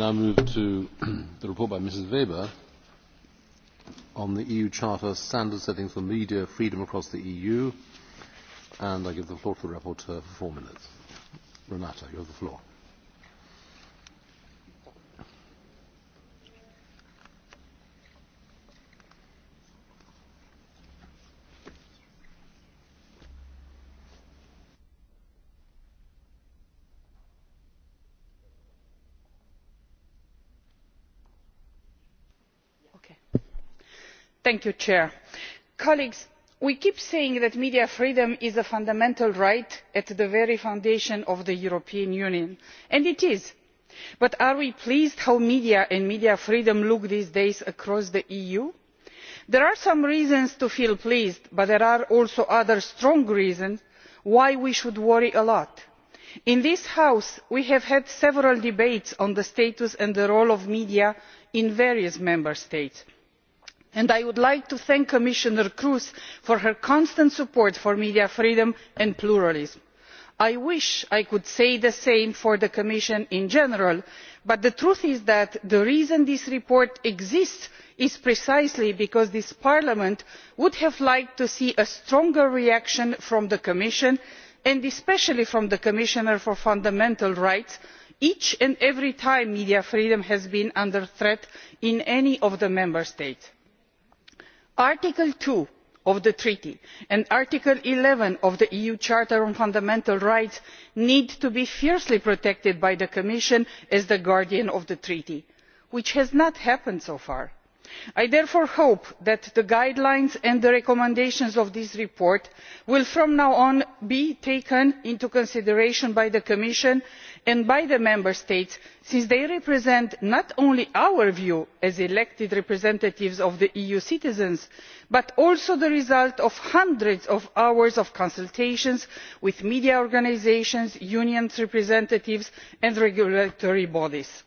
now move to the report by Mrs. Weber on the EU Charter standard setting for media freedom across the EU. And I give the floor to the rapporteur for four minutes. Renata, you have the floor. mr president we keep saying that media freedom is a fundamental right at the very foundation of the european union and it is but are we pleased with how media and media freedom look these days across the eu? there are some reasons to feel pleased but there are also other strong reasons why we should worry a lot. in this house we have had several debates on the status and the role of media in various member states. And i would like to thank commissioner kroes for her constant support for media freedom and pluralism. i wish i could say the same for the commission in general but the truth is that the reason this report exists is precisely because this parliament would have liked to see a stronger reaction from the commission and especially from the commissioner for fundamental rights each and every time media freedom has been under threat in any of the member states article two of the treaty and article eleven of the eu charter on fundamental rights need to be fiercely protected by the commission as the guardian of the treaty which has not happened so far i therefore hope that the guidelines and the recommendations of this report will from now on be taken into consideration by the commission and by the member states since they represent not only our view as elected representatives of eu e citizens but also the result of hundreds of hours of consultations with media organisations union representatives and regulatory bodies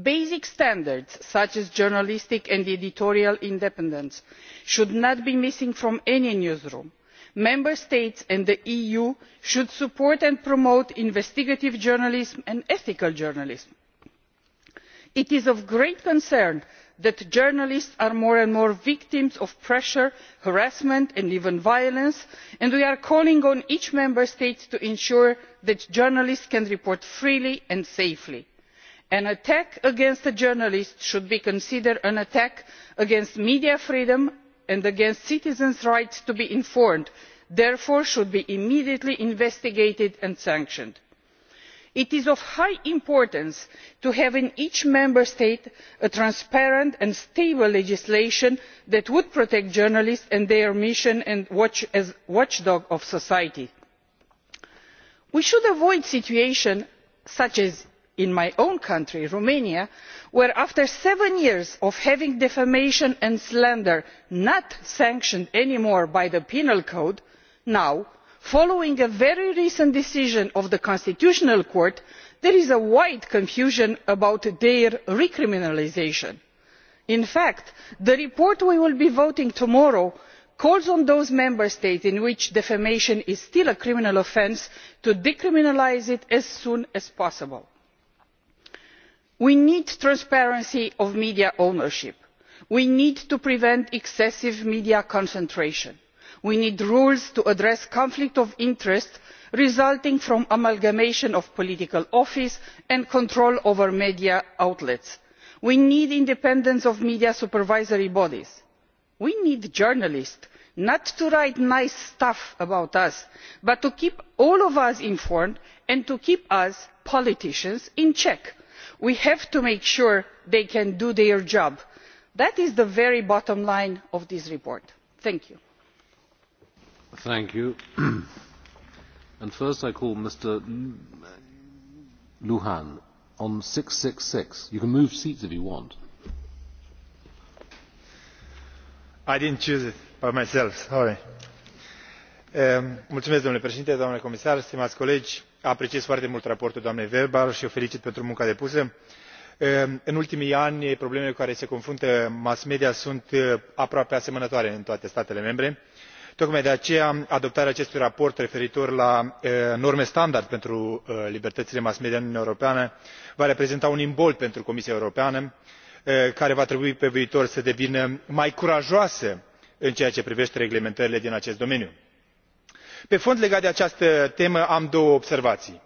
basic standards such as journalistic and editorial independence should not be missing from any newsroom. member states and the eu should support and promote investigative journalism and ethical journalism. it is of great concern that journalists are more and more victims of pressure harassment and even violence and we are calling on each member state to ensure that journalists can report freely and safely an attack against a journalist should be considered an attack against media freedom and against citizens' rights to be informed therefore should be immediately investigated and sanctioned. it is of high importance to have in each member state a transparent and stable legislation that would protect journalists and their mission and as watchdog of society. we should avoid situations such as in my own country romania where after seven years of having defamation and slander not sanctioned any more by the penal code now following a very recent decision of the constitutional court there is wide confusion about their recriminalisation. in fact the report we will be voting on tomorrow calls on those member states in which defamation is still a criminal offence to decriminalise it as soon as possible we need transparency of media ownership we need to prevent excessive media concentration we need rules to address conflicts of interest resulting from amalgamation of political office and control over media outlets we need independence of media supervisory bodies we need journalists not to write nice stuff about us but to keep all of us informed and to keep us politicians in check we have to make sure they can do their job. that is the very bottom line of this report. thank you. Thank you. and first i call mr luhan on. six sixty six you can move seats if you want. i didn't choose it by myself sorry. Um, mulțumesc domnule președinte domnule comisar stimați colegi apreciez foarte mult raportul doamnei weber și o felicit pentru munca depusă. Ehm, în ultimii ani problemele cu care se confruntă mass media sunt eh, aproape asemănătoare în toate statele membre. tocmai de aceea adoptarea acestui raport referitor la eh, norme standard pentru eh, libertățile mass media în uniunea europeană va reprezenta un imbold pentru comisia europeană care va trebui pe viitor să devină mai curajoase în ceea ce privește reglementările din acest domeniu pe fond legat de această temă am două observații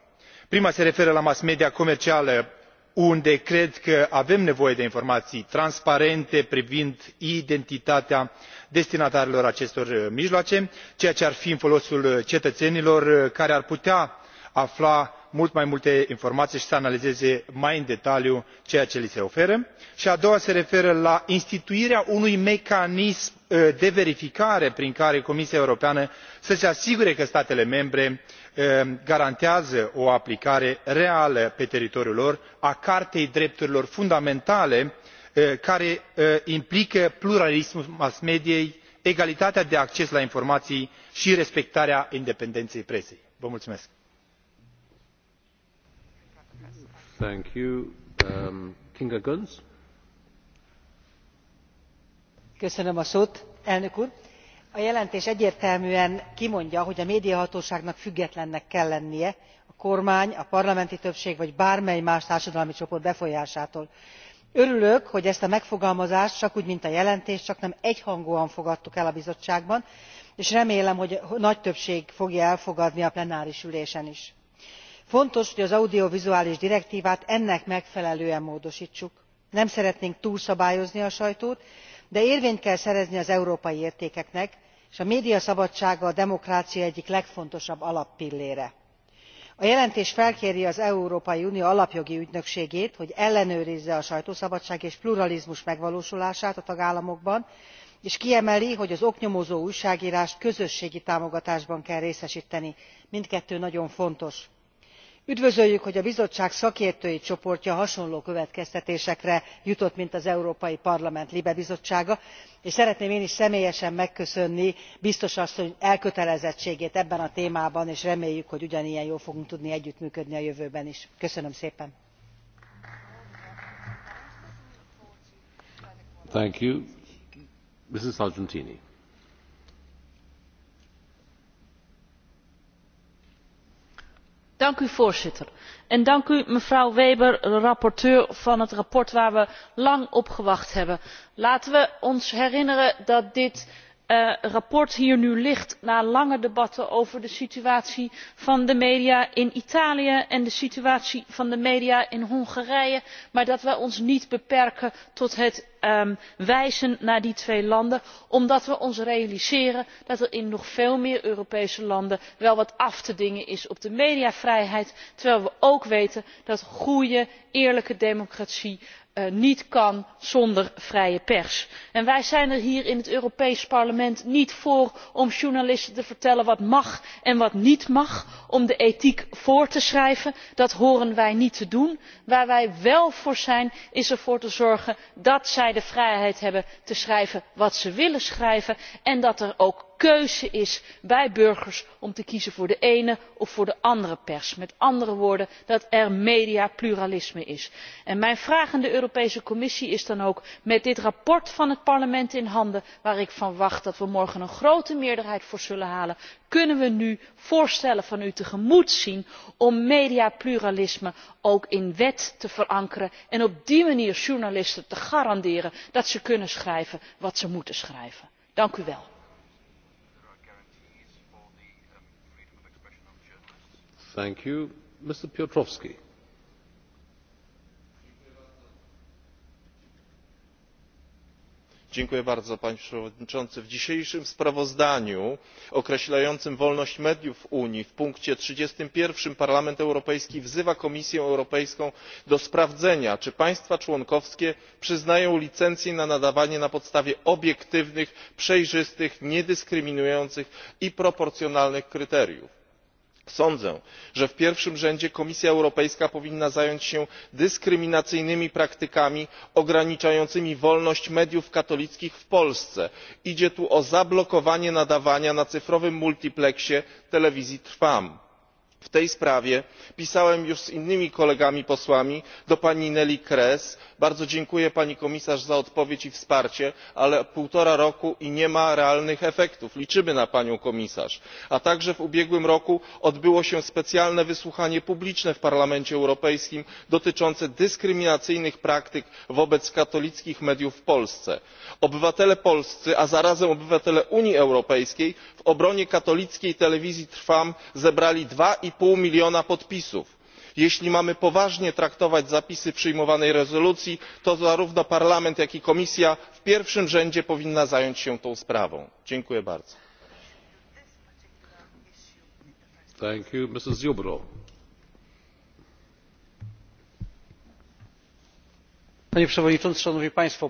prima se referă la mass media comercială unde cred că avem nevoie de informații transparente privind identitatea destinatarilor acestor uh, mijloace ceea ce ar fi în folosul uh, cetățenilor uh, care ar putea afla mult mai multe informații și să analizeze mai în detaliu ceea ce li se oferă și a doua se referă la instituirea unui mecanism uh, de verificare prin care comisia europeană să se asigure că statele membre uh, garantează o aplicare reală pe teritoriul lor a cartei drepturilor fundamentale uh, care implică pluralismul mass mediei egalitatea de acces la informații și respectarea independenței presei. Um, a A jelentés egyértelműen kimondja, hogy a médiahatóságnak függetlennek kell lennie a kormány, a parlamenti többség vagy bármely más társadalmi csoport befolyásától. Örülök, hogy ezt a megfogalmazást csak úgy, mint a jelentést, csak nem egyhangúan fogadtuk el a bizottságban, és remélem, hogy nagy többség fogja elfogadni a plenáris ülésen is fontos hogy az audiovizuális direktvát ennek megfelelően módostsuk. nem szeretnénk túlszabályozni a sajtót de érvényt kell szerezni az európai értékeknek és a médiaszabadsága a demokrácia egyik legfontosabb alappillére. a jelentés felkéri az európai unió alapjogi ügynökségét hogy ellenőrizze a sajtószabadság és pluralizmus megvalósulását a tagállamokban és kiemeli hogy az oknyomozó újságrást közösségi támogatásban kell részesteni mindkettő nagyon fontos üdvözöljük hogy a bizottság szakértői csoportja hasonló következtetésekre jutott mint az európai parlament libe bizottsága és szeretném én is személyesen megköszönni biztos asszony elkötelezettségét ebben a témában és reméljük hogy ugyanilyen jól fogunk tudni együttműködni a jövőben is. köszönöm szépen! voorzitter dank u mevrouw weber de rapporteur van het verslag waar we lang op gewacht hebben. laten we ons herinneren dat dit het eh, verslag hier nu ligt na lange debatten over de situatie van de media in italië en de situatie van de media in hongarije maar dat wij ons niet beperken tot het ehm, wijzen naar die twee landen omdat we ons realiseren dat er in nog veel meer europese landen wel wat af te dingen is op de mediavrijheid terwijl we ook weten dat goede eerlijke democratie Eh, niet kan zonder vrije pers. wij zijn er hier in het europees parlement niet voor om journalisten te vertellen wat mag en wat niet mag om de ethiek voor te schrijven dat horen wij niet te doen. waar wij wel voor zijn is ervoor te zorgen dat zij de vrijheid hebben te schrijven wat ze willen schrijven en dat er ook keuze is bij burgers om te kiezen voor de ene of voor de andere pers met andere woorden dat er mediapluralisme is. mijn vraag aan de europese commissie is dan ook met dit verslag van het parlement in handen waar ik van wacht dat we morgen een grote meerderheid voor zullen halen kunnen we nu voorstellen van u tegemoet zien om mediapluralisme ook in wet te verankeren en op die manier journalisten te garanderen dat ze kunnen schrijven wat ze moeten schrijven? Dank u Thank you. panie przewodniczący! w dzisiejszym sprawozdaniu określającym wolność mediów w unii w punkcie trzydzieści jeden parlament europejski wzywa komisję europejską do sprawdzenia czy państwa członkowskie przyznają licencje na nadawanie na podstawie obiektywnych przejrzystych niedyskryminujących i proporcjonalnych kryteriów sądzę że w pierwszym rzędzie komisja europejska powinna zająć się dyskryminacyjnymi praktykami ograniczającymi wolność mediów katolickich w polsce idzie tu o zablokowanie nadawania na cyfrowym multipleksie telewizji trwam w tej sprawie pisałem już z innymi kolegami posłami do pani neelie kroes. bardzo dziękuję pani komisarz za odpowiedź i wsparcie ale półtora roku i nie ma realnych efektów. liczymy na panią komisarz. a także w ubiegłym roku odbyło się specjalne wysłuchanie publiczne w parlamencie europejskim dotyczące dyskryminacyjnych praktyk wobec katolickich mediów w polsce. obywatele polscy a zarazem obywatele unii europejskiej w obronie katolickiej telewizji trwam zebrali dwa pięć miliona podpisów. jeśli mamy poważnie traktować zapisy przyjmowanej rezolucji to zarówno parlament jak i komisja w pierwszym rzędzie powinna zająć się tą sprawą. dziękuję bardzo. panie przewodniczący!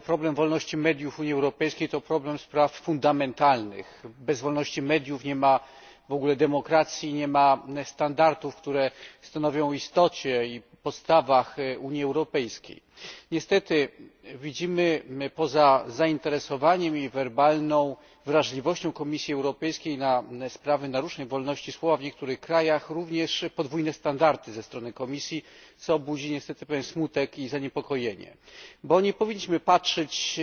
problem wolności mediów w unii europejskiej to problem spraw fundamentalnych. bez wolności mediów nie ma w ogóle demokracji nie ma standardów które stanowią o istocie i podstawach unii europejskiej. niestety widzimy poza zainteresowaniem i werbalną wrażliwością komisji europejskiej na sprawy naruszeń wolności słowa w niektórych krajach również podwójne standardy ze strony komisji co budzi niestety pewien smutek i zaniepokojenie bo nie powinniśmy patrzeć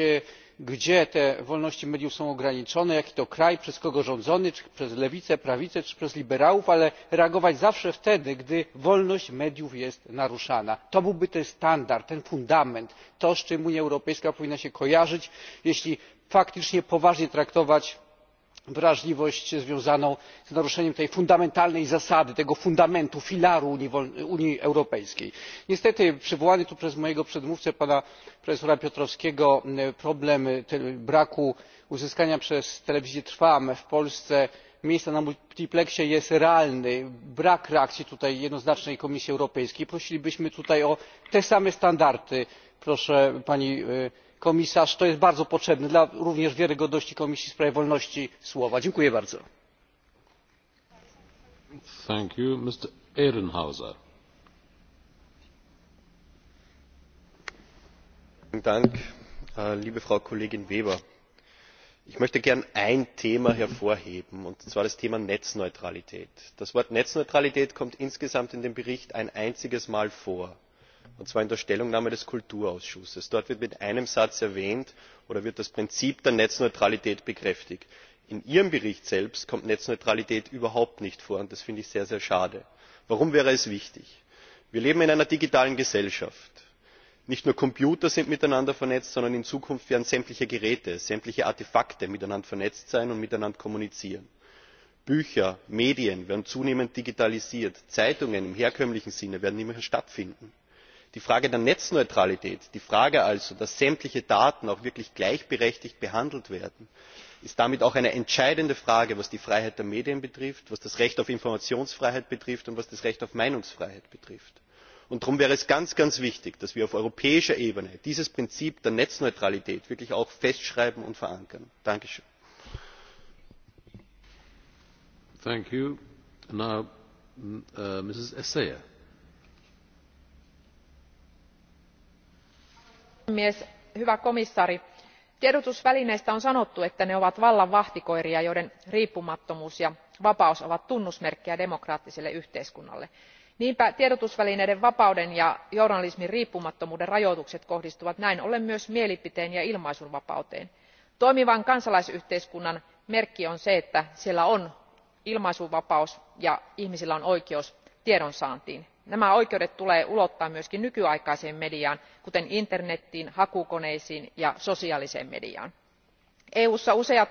gdzie te wolności mediów są ograniczone jaki to kraj przez kogo rządzony czy przez lewicę prawicę czy przez liberałów ale reagować zawsze wtedy gdy wolność mediów jest naruszana. to byłby ten standard ten fundament to z czym unia europejska powinna się kojarzyć jeśli faktycznie poważnie traktować wrażliwość związaną z naruszeniem tej fundamentalnej zasady tego fundamentu filaru unii europejskiej. niestety przywołany tu przez mojego przedmówcę pana profesora piotrowskiego e, problem e, braku uzyskania przez telewizję trwam w polsce miejsca na multipleksie jest realny. brak reakcji tutaj jednoznacznej komisji europejskiej. prosilibyśmy tutaj o te same standardy. proszę pani e, komisarz to jest bardzo potrzebne również wiarygodności komisji w wolności słowa. dziękuję bardzo. Äh, liebe frau kollegin weber! ich möchte gern ein thema hervorheben und zwar das thema netzneutralität. das wort netzneutralität kommt insgesamt in dem bericht ein einziges mal vor und zwar in der stellungnahme des kulturausschusses. dort wird mit einem satz erwähnt oder wird das prinzip der netzneutralität bekräftigt. in ihrem bericht selbst kommt netzneutralität überhaupt nicht vor und das finde ich sehr schade. warum wäre es wichtig? wir leben in einer digitalen gesellschaft. nicht nur computer sind miteinander vernetzt sondern in zukunft werden sämtliche geräte sämtliche artefakte miteinander vernetzt sein und miteinander kommunizieren. bücher medien werden zunehmend digitalisiert zeitungen im herkömmlichen sinne werden nicht mehr stattfinden die frage der netzneutralität die frage also dass sämtliche daten auch wirklich gleichberechtigt behandelt werden ist damit auch eine entscheidende frage was die freiheit der medien betrifft was das recht auf informationsfreiheit betrifft und was das recht auf meinungsfreiheit betrifft. darum wäre es ganz ganz wichtig dass wir auf europäischer ebene dieses prinzip der netzneutralität wirklich auch festschreiben und verankern. arvoisa hyvä komissaari tiedotusvälineistä on sanottu että ne ovat vallan vahtikoiria joiden riippumattomuus ja vapaus ovat tunnusmerkkejä demokraattiselle yhteiskunnalle. niinpä tiedotusvälineiden vapauden ja journalismin riippumattomuuden rajoitukset kohdistuvat näin ollen myös mielipiteen ja ilmaisunvapauteen. toimivan kansalaisyhteiskunnan merkki on se että siellä on ilmaisunvapaus ja ihmisillä on oikeus tiedonsaantiin nämä oikeudet tulee ulottaa myös nykyaikaiseen mediaan kuten internetiin hakukoneisiin ja sosiaaliseen mediaan. eu ssa useat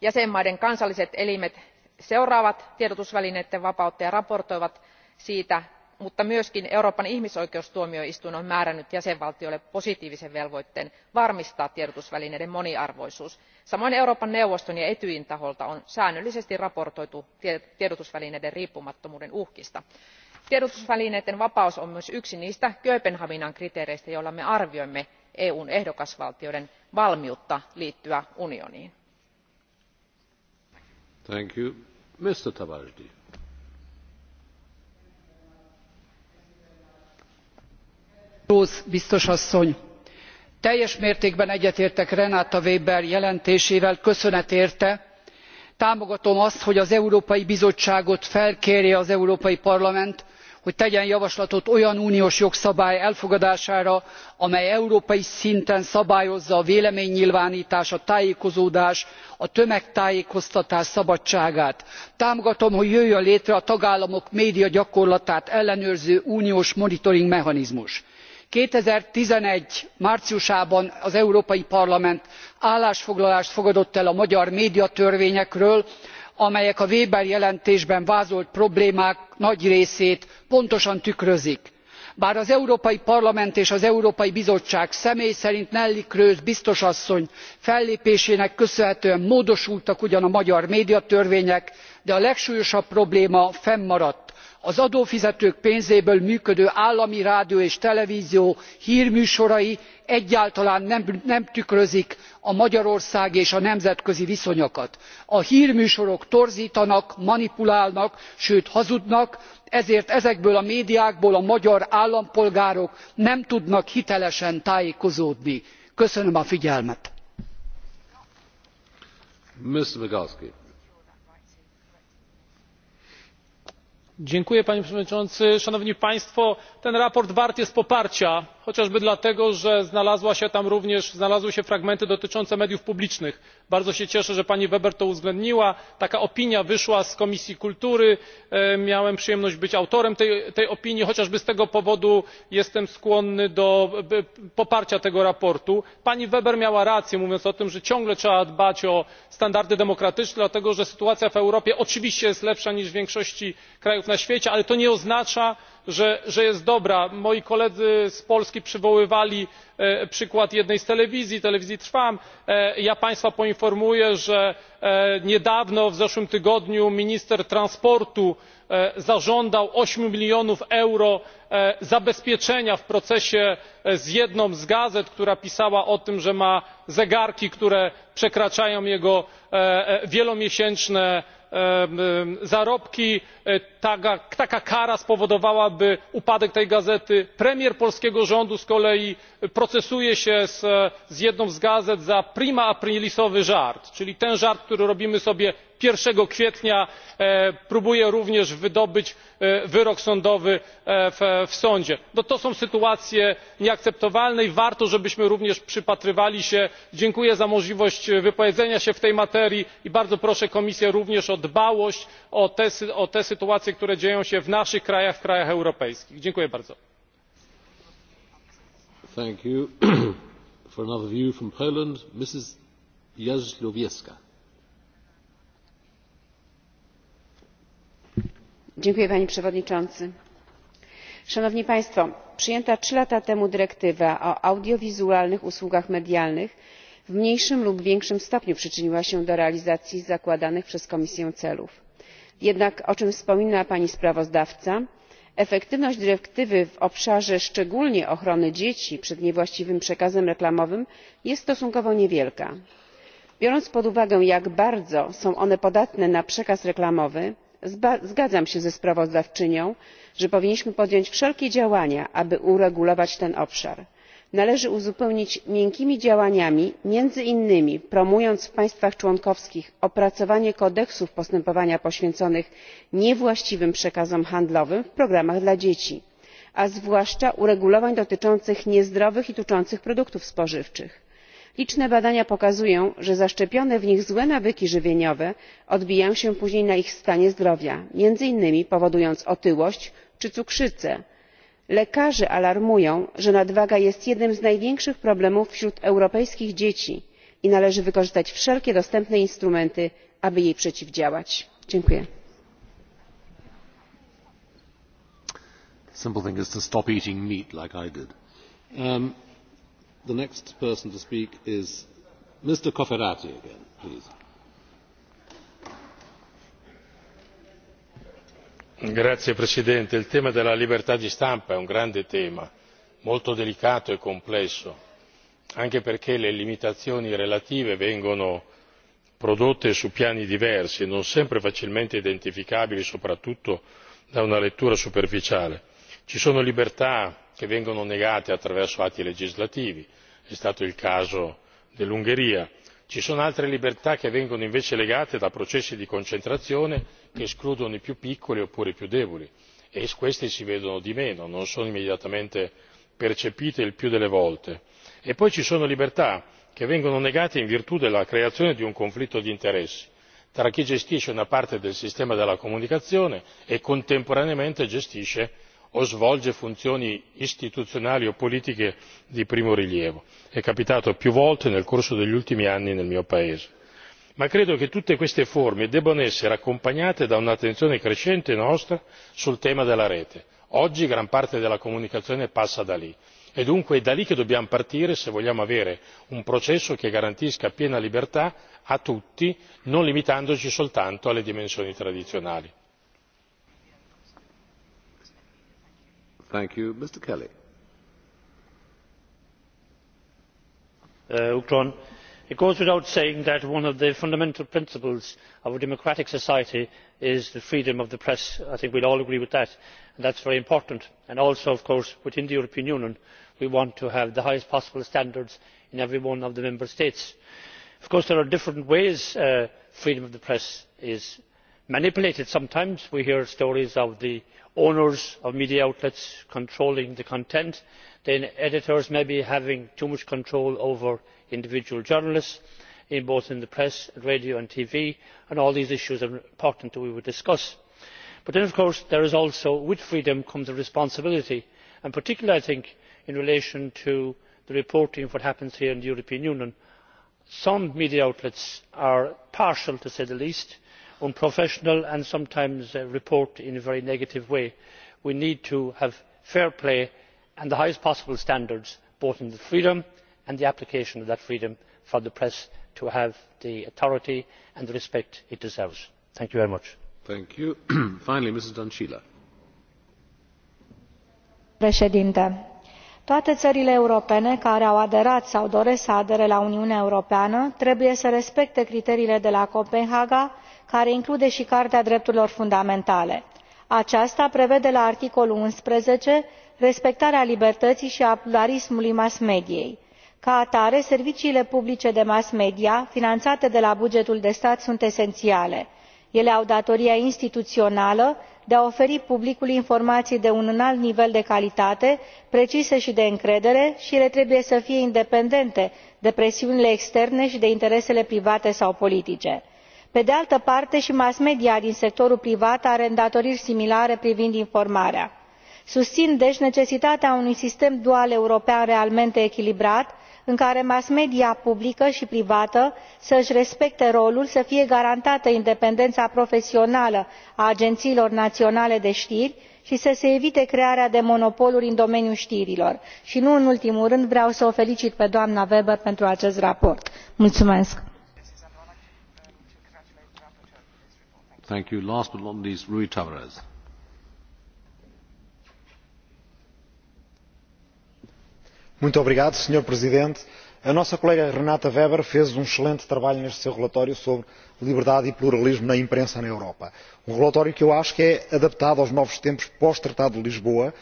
jäsenvaltioiden kansalliset elimet seuraavat tiedotusvälineiden vapautta ja raportoivat siitä mutta myös euroopan ihmisoikeustuomioistuin on määrännyt jäsenvaltioille positiivisen velvoitteen varmistaa tiedotusvälineiden moniarvoisuus. samoin euroopan neuvoston ja etyjin taholta on säännöllisesti raportoitu tiedotusvälineiden riippumattomuuden uhkista tiedotusvälineiden vapaus on myös yksi niistä kööpenhaminan kriteereistä joilla me arvioimme EUn ehdokasvaltioiden valmiutta liittyä unioniin. kroes biztos asszony teljes mértékben egyetértek renate weber jelentésével köszönet érte. támogatom azt hogy az európai bizottságot felkérje az európai parlament hogy tegyen javaslatot olyan uniós jogszabály elfogadására amely európai szinten szabályozza a véleménynyilvántás a tájékozódás a tömegtájékoztatás szabadságát. támogatom hogy jöjjön létre a tagállamok médiagyakorlatát ellenőrző uniós monitoring mechanizmus. two thousand and eleven márciusában az európai parlament állásfoglalást fogadott el a magyar médiatörvényekről amelyek a weber jelentésben vázolt problémák nagy részét pontosan tükrözik. bár az európai parlament és az európai bizottság személy szerint neelie kroes biztos asszony fellépésének köszönhetően módosultak ugyan a magyar médiatörvények de a legsúlyosabb probléma fennmaradt az adófizetők pénzéből működő állami rádió és televzió hrműsorai egyáltalán nem tükrözik a magyarországi és a nemzetközi viszonyokat. a hrműsorok torzítanak, manipulálnak sőt hazudnak ezért ezekből a médiákból a magyar állampolgárok nem tudnak hitelesen tájékozódni. köszönöm a figyelmet. panie przewodniczący! szanowni państwo! to sprawozdanie wart jest poparcia chociażby dlatego że znalazły się fragmenty dotyczące mediów publicznych. bardzo się cieszę że pani weber to uwzględniła. taka opinia wyszła z komisji kultury e, miałem przyjemność być autorem tej opinii chociażby z tego powodu jestem skłonny do poparcia tego sprawozdania. pani weber miała rację mówiąc o tym że ciągle trzeba dbać o standardy demokratyczne dlatego że sytuacja w europie oczywiście jest lepsza niż w większości krajów na świecie ale to nie oznacza że jest dobra. moi koledzy z polski przywoływali e, przykład jednej z telewizji telewizji trwam. E, ja państwa poinformuję że e, niedawno w zeszłym tygodniu minister transportu zażądał 8 milionów euro zabezpieczenia w procesie z jedną z gazet która pisała o tym że ma zegarki które przekraczają jego wielomiesięczne zarobki e, taka kara spowodowałaby upadek tej gazety. premier polskiego rządu z kolei procesuje się z jedną z gazet za prima aprilisowy żart czyli ten żart który robimy sobie jeden kwietnia e, próbuje również wydobyć e, wyrok sądowy e, w sądzie. to są sytuacje nieakceptowalne i warto żebyśmy również przypatrywali się dziękuję za możliwość wypowiedzenia się w tej materii i bardzo proszę komisję również o dbałość o te sytuacje które dzieją się w naszych krajach w krajach europejskich. dziękuję bardzo. panie przewodniczący! przyjęta trzy lata temu dyrektywa o audiowizualnych usługach medialnych w mniejszym lub większym stopniu przyczyniła się do realizacji zakładanych przez komisję celów. jednak o czym wspomina pani sprawozdawca efektywność dyrektywy w obszarze szczególnie ochrony dzieci przed niewłaściwym przekazem reklamowym jest stosunkowo niewielka. biorąc pod uwagę jak bardzo są one podatne na przekaz reklamowy zgadzam się ze sprawozdawczynią że powinniśmy podjąć wszelkie działania aby uregulować ten obszar. należy uzupełnić miękkimi działaniami między innymi promując w państwach członkowskich opracowanie kodeksów postępowania poświęconych niewłaściwym przekazom handlowym w programach dla dzieci a zwłaszcza uregulowań dotyczących niezdrowych i tuczących produktów spożywczych liczne badania pokazują że zaszczepione w nich złe nawyki żywieniowe odbijają się później na ich stanie zdrowia między innymi powodując otyłość czy cukrzycę. lekarze alarmują że nadwaga jest jednym z największych problemów wśród europejskich dzieci i należy wykorzystać wszelkie dostępne instrumenty aby jej przeciwdziałać. dziękuję. Signor Presidente. Il tema della libertà di stampa è un grande tema, molto delicato e complesso, anche perché le limitazioni relative vengono prodotte su piani diversi, e non sempre facilmente identificabili, soprattutto da una lettura superficiale. Ci sono libertà che vengono negate attraverso atti legislativi è stato il caso dell'ungheria ci sono altre libertà che vengono invece legate da processi di concentrazione che escludono i più piccoli oppure i più deboli e questi si vedono di meno non sono immediatamente percepite il più delle volte e poi ci sono libertà che vengono negate in virtù della creazione di un conflitto di interessi tra chi gestisce una parte del sistema della comunicazione e contemporaneamente gestisce o svolge funzioni istituzionali o politiche di primo rilievo è capitato più volte nel corso degli ultimi anni nel mio paese ma credo che tutte queste forme debbano essere accompagnate da un'attenzione crescente nostra sul tema della rete oggi gran parte della comunicazione passa da lì e dunque è da lì che dobbiamo partire se vogliamo avere un processo che garantisca piena libertà a tutti non limitandoci soltanto alle dimensioni tradizionali. Mr. Kelly. Uh, it goes without saying that one of the fundamental principles of a democratic society is the freedom of the press. i think we will all agree with that and that is very important. and also of course within the european union we want to have the highest possible standards in every one of the member states. of course there are different ways uh, freedom of the press is manipulated sometimes we hear stories of the owners of media outlets controlling the content then editors maybe having too much control over individual journalists both in the press radio and tv and all these issues are important that we would discuss. but then of course there is also with freedom comes a responsibility and particularly i think in relation to the reporting of what happens here in the european union some media outlets are partial to say the least unprofessional and sometimes uh, report in a very negative way. we need to have fair play and the highest possible standards both in the freedom and the application of that freedom for the press to have the authority and the respect it deserves. thank you very much. toate țările europene care au aderat sau doresc să adere la uniunea europeană trebuie să respecte criteriile de la copenhaga care include și carta drepturilor fundamentale. aceasta prevede la articolul unsprezece respectarea libertății și a pluralismului mass mediei. ca atare serviciile publice de mass media finanțate de la bugetul de stat sunt esențiale. ele au datoria instituțională de a oferi publicului informații de un înalt nivel de calitate precise și de încredere și ele trebuie să fie independente de presiunile externe și de interesele private sau politice pe de altă parte și mass media din sectorul privat are îndatoriri similare privind informarea. susțin deci necesitatea unui sistem dual european realmente echilibrat în care mass media publică și privată să își respecte rolul să fie garantată independența profesională a agențiilor naționale de știri și să se evite crearea de monopoluri în domeniul știrilor și nu în ultimul rând vreau să o felicit pe doamna weber pentru acest raport. mulțumesc. Thank Muito obrigado, Sr. Presidente. A nossa colega Renata Weber fez um excelente trabalho neste seu relatório sobre liberdade e pluralismo na imprensa na Europa. Um relatório que eu acho que é adaptado aos novos tempos pós-Tratado de Lisboa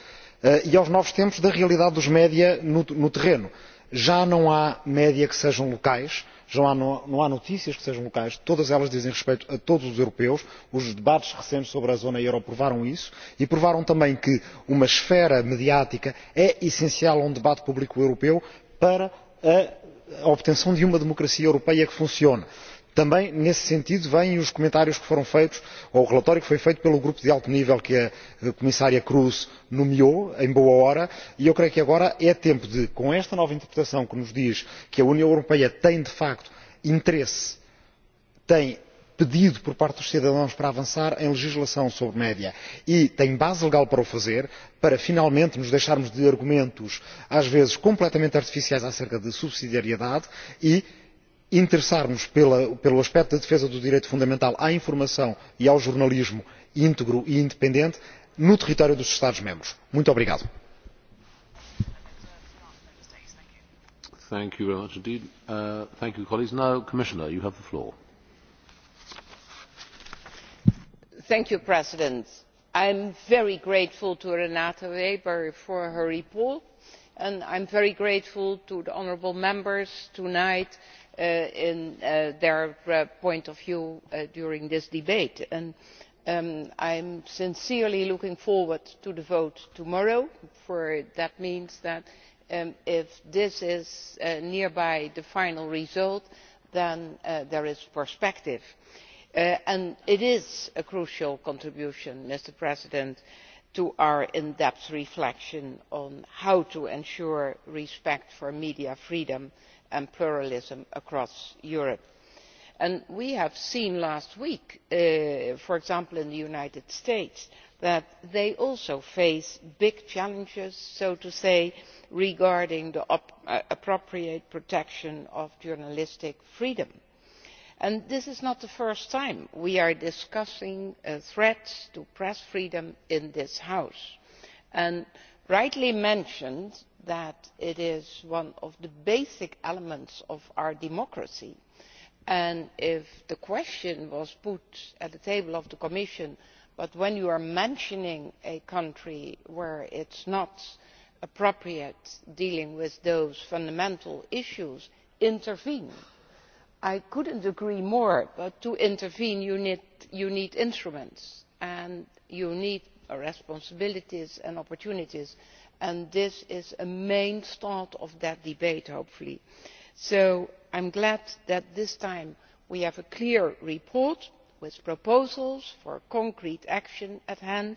eh, e aos novos tempos da realidade dos média no terreno. Já não há média que sejam locais, já não há notícias que sejam locais todas elas dizem respeito a todos os europeus os debates recentes sobre a zona euro provaram isso e provaram também que uma esfera mediática é essencial a um debate público europeu para a obtenção de uma democracia europeia que funcione também nesse sentido vêm os comentários que foram feitos ou o relatório que foi feito pelo grupo de alto nível que a eh, comissária kroes nomeou em boa hora e eu creio que agora é tempo de com esta nova interpretação que nos diz que a união europeia tem de facto interesse tem pedido por parte dos cidadãos para avançar em legislação sobre média e tem base legal para o fazer para finalmente nos deixarmos de argumentos às vezes completamente artificiais acerca de subsidiariedade e interessarmos pela, pelo aspecto da defesa do direito fundamental à informação e ao jornalismo íntegro e independente no território dos estados membros. muito obrigado. mr uh, president i am very grateful to renate weber for her report and i am very grateful to the honourable members tonight Uh, in uh, their uh, point of view during this debate. i am um, sincerely looking forward to the vote tomorrow for that means that um, if this is nearby the final result then there is perspective. it is a crucial contribution Mr President, to our in depth reflection on how to ensure respect for media freedom and pluralism across europe. we have seen last week uh, for example in the united states that they also face big challenges so to say, regarding the uh, appropriate protection of journalistic freedom. this is not the first time we have been discussing uh, threats to press freedom in this house and rightly mentioned that it is one of the basic elements of our democracy and if the question was put on the table of the commission but when you are mentioning a country where it is not appropriate dealing with those fundamental issues intervene i could not agree more but to intervene you need instruments and you need responsibilities and opportunities and this is a main start of that debate hopefully. so i am glad that this time we have a clear report with proposals for concrete action at hand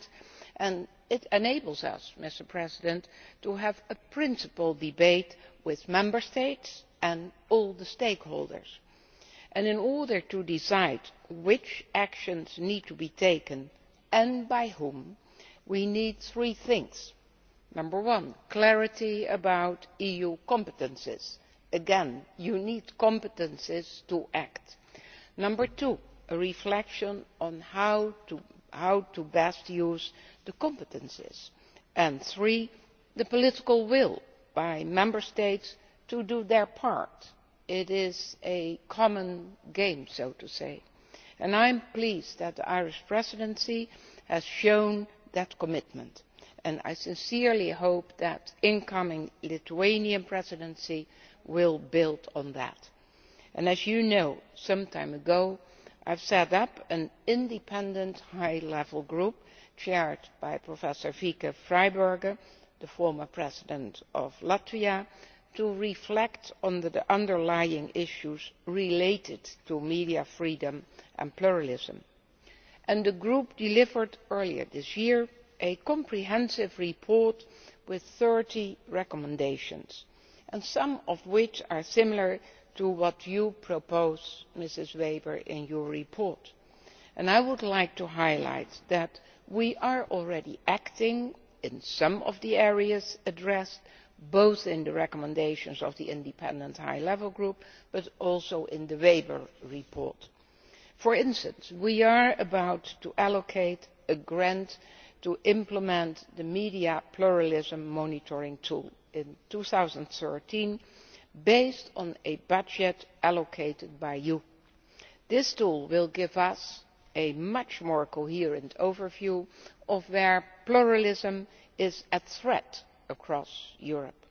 and it enables us Mr President, to have a principled debate with member states and all the stakeholders. in order to decide which actions need to be taken and by whom we need three things number one clarity about eu competences again you need competences to act. number two a reflection on how to best use the competences and number three the political will by member states to do their part. it is a common game so to say and i am pleased that the irish presidency has shown that commitment and i sincerely hope that the incoming lithuanian presidency will build on that. as you know some time ago i set up an independent high level group chaired by professor vike freiberger the former president of latvia to reflect on the underlying issues related to media freedom and pluralism. the group delivered earlier this year a comprehensive report with thirty recommendations some of which are similar to what you propose ms weber in your report. i would like to highlight that we are already acting in some of the areas addressed both in the recommendations of the independent high level group but also in the weber report. for instance we are about to allocate a grant to implement the media pluralism monitoring tool in two thousand and thirteen based on a budget allocated by you. this tool will give us a much more coherent overview of where pluralism is at threat across europe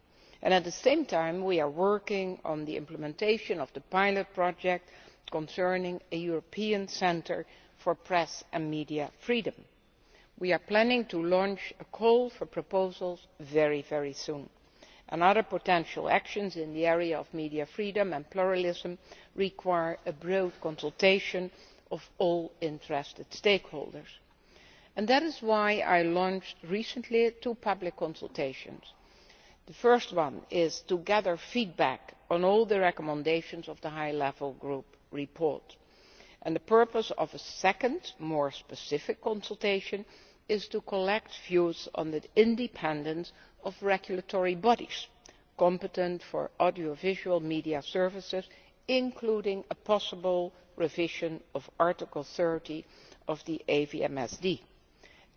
and at the same time we are working on the implementation of the pilot project concerning a european centre for press and media freedom we are planning to launch a call for proposals very soon other potential actions in the area of media freedom and pluralism require a broad consultation of all interested stakeholders. that is why i launched recently two public consultations. the first one is to gather feedback on all the recommendations of the high level group report and the purpose of a second more specific consultation is to collect views on the independence of regulatory bodies competent for audiovisual media services including a possible revision of article thirty of the avmsd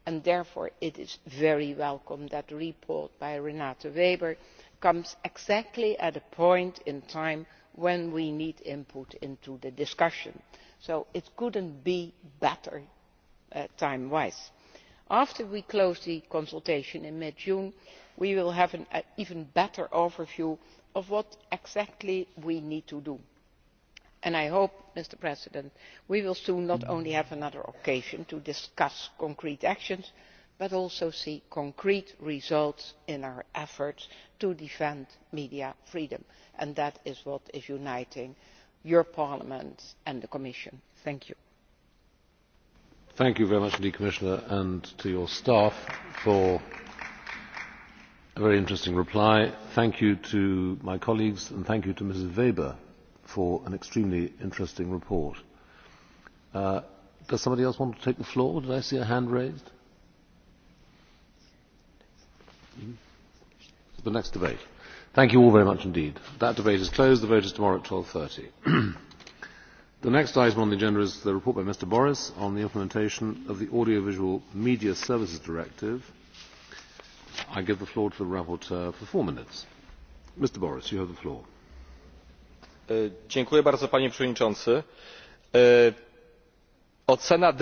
and therefore it is very welcome that the report by renate weber comes exactly at a point in time when we need input into the discussion so it could not be better uh, time wise after we close the consultation in mid june we will have an uh, even better overview of what exactly we need to do and i hope Mr. President, we will soon not only have another occasion to discuss concrete actions but also see concrete results in our efforts to defend media freedom and that is what is uniting your parliament and the commission. thank you thank you very much indeed commissioner and to your staff for a very interesting reply. thank you to my colleagues and thank you to mrs weber for an extremely interesting report. Uh, does somebody else want to take the floor? did i see a hand raised? the next debate. thank you all very much indeed. that debate is closed. the vote is tomorrow at. twelve thirty The next item on the agenda is the report by Mr. Boris on the implementation of the Audiovisual Media Services Directive. I give the floor to the rapporteur for four minutes. Mr. Boris, you have the floor. E, dziękuję bardzo, panie przewodniczący. E, ocena